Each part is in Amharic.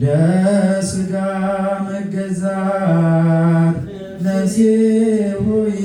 ለስጋ መገዛት ነፍሴ ሆይ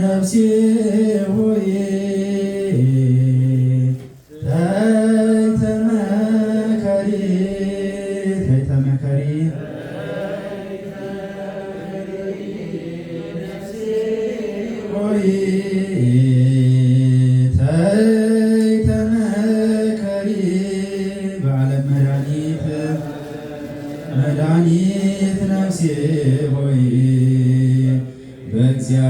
ነፍሴ ሆይ ተይተመከሪ ተይተመከሪ ሆይ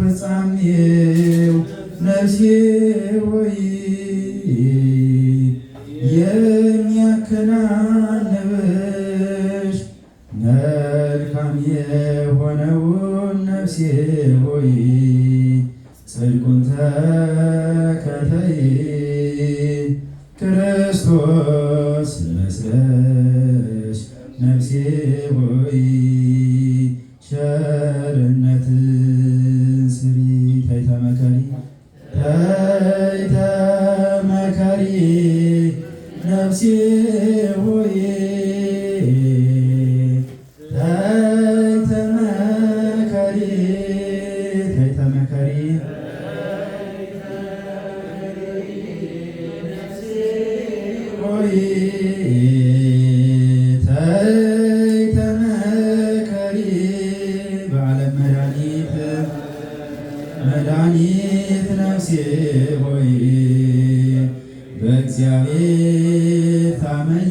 ፍጻሜው ነፍሴ ሆይ كريم መድኃኒት ነፍሴ ሆይ በእግዚአብሔር ታመኝ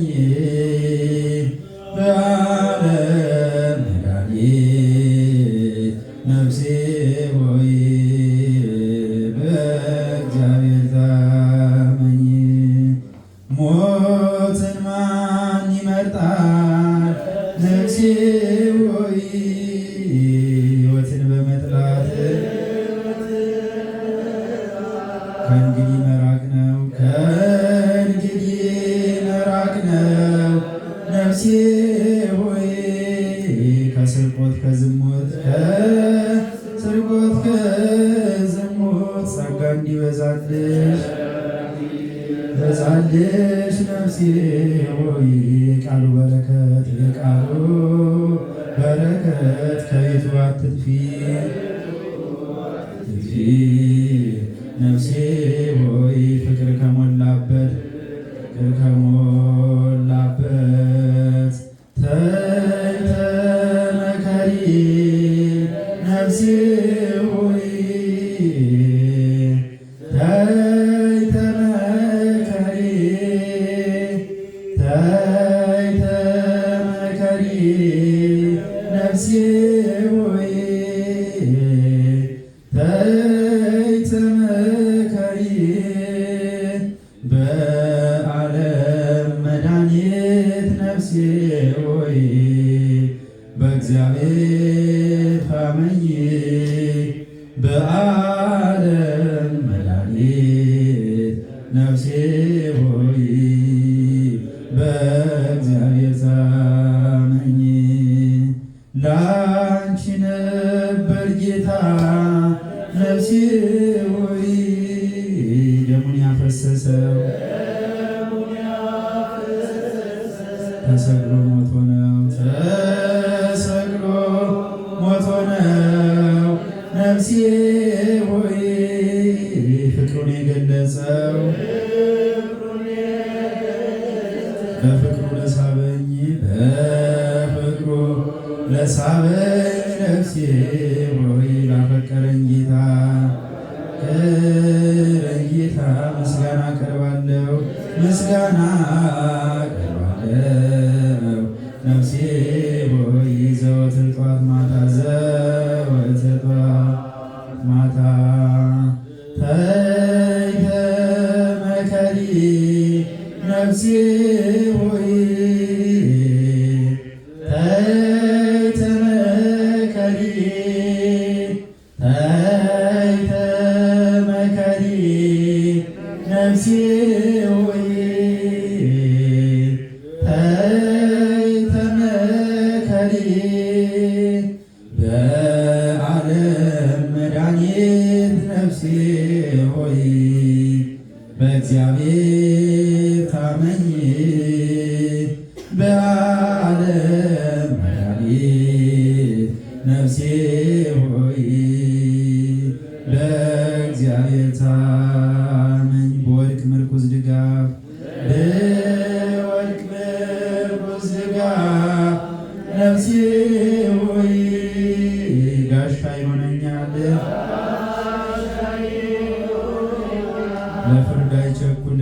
ከእንግዲህ መራቅ ነው ከእንግዲህ መራቅ ነው ነፍሴ ሆይ ከስርቆት ከዝሙት ከስርቆት ከዝሙት ጸጋ እንዲበዛልሽ በዛልሽ ነፍሴ ሆይ ቃሉ በረከት የቃሉ በረከት ከቤቱ አትጥፊ ነፍሴ ሆይ ተሰቅሎ ሞቶ ነው ተሰቅሎ ሞቶ ነው ነፍሴ ሆይ ፍቅሩን የገለጸው በፍቅሩ ለሳበኝ በፍቅሩ ለሳበኝ ነፍሴ ሆይ ላፈቀረኝ ጌታ ረጌታ ምስጋና ቀርባለሁ ምስጋና ነፍሴ ሆይ ተይ ተመከሪ፣ ነፍሴ ሆይ ተይ ተመከሪ በዓለም መድኃኒት ነፍሴ ሆይ በእግዚአብሔር ታመኝ በዓለም መድኃኒት ነፍሴ ሆይ በእግዚአብሔር ታመኝ። በወድቅ ምርኩዝ ድጋፍ ምርኩዝ ድጋፍ ነፍሴ ሆይ ጋሻ ይሆነኛል ለፍርድ አይቸኩል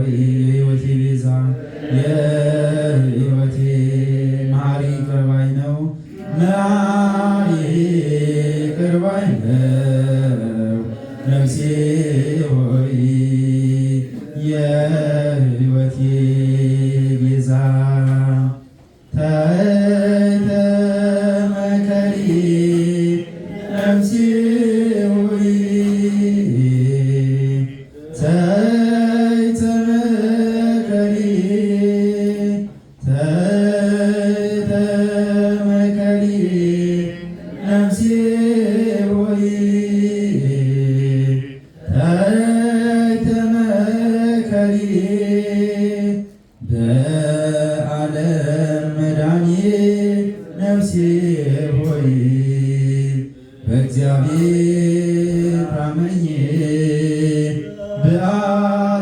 hoy yeah በዓለም መዳኔ ነፍሴ ሆይ በእግዚአብሔር አመኜ በአ